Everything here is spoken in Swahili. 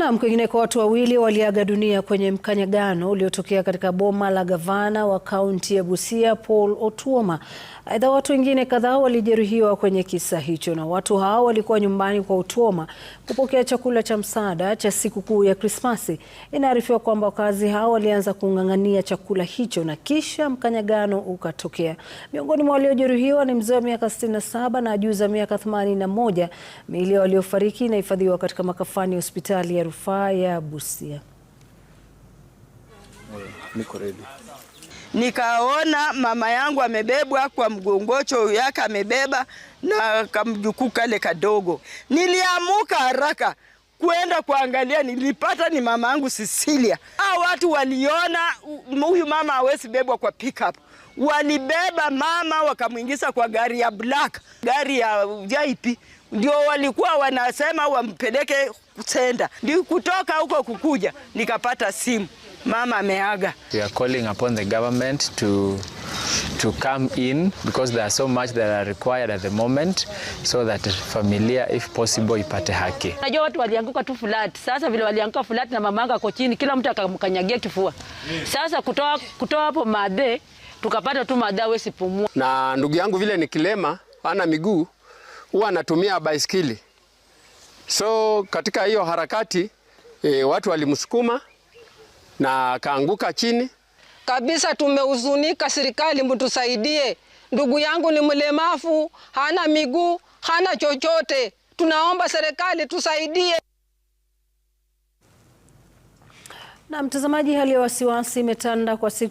Naam, kwingineko watu wawili waliaga dunia kwenye mkanyagano uliotokea katika boma la gavana wa kaunti ya Busia Paul Otuoma. Aidha, watu wengine kadhaa walijeruhiwa kwenye kisa hicho, na watu hao walikuwa nyumbani kwa Otuoma kupokea chakula cha msaada cha sikukuu ya Krismasi. Inaarifiwa kwamba wakazi hao walianza kung'ang'ania chakula hicho na kisha mkanyagano ukatokea. Miongoni mwa waliojeruhiwa ni mzee wa miaka 67 na za miaka 81. Miili waliofariki inahifadhiwa katika makafani ya hospitali ya rufaa ya Busia. Nikaona mama yangu amebebwa kwa mgongocho, yake amebeba na kamjukuu kale kadogo. Niliamuka haraka kwenda kuangalia, nilipata ni mama yangu Sisilia. Hao watu waliona huyu mama hawezi bebwa kwa pickup, walibeba mama wakamwingiza kwa gari ya black, gari ya VIP ndio walikuwa wanasema wampeleke Senda. ndi kutoka huko kukuja nikapata simu mama ameaga. We are calling upon the government to to come in because there are so much that are required at the moment so that familia if possible ipate haki. Najua watu walianguka tu flat. Sasa vile walianguka flat na mamanga ako chini, kila mtu akamkanyagia kifua. Sasa kutoa kutoa hapo madhe tukapata tu madhe, wesipumua. Na ndugu yangu vile ni kilema, hana miguu huwa anatumia baiskeli. So katika hiyo harakati e, watu walimsukuma na akaanguka chini kabisa. Tumehuzunika, serikali mtusaidie. Ndugu yangu ni mlemavu, hana miguu, hana chochote. Tunaomba serikali tusaidie. Na mtazamaji, hali ya wasiwasi imetanda kwa siku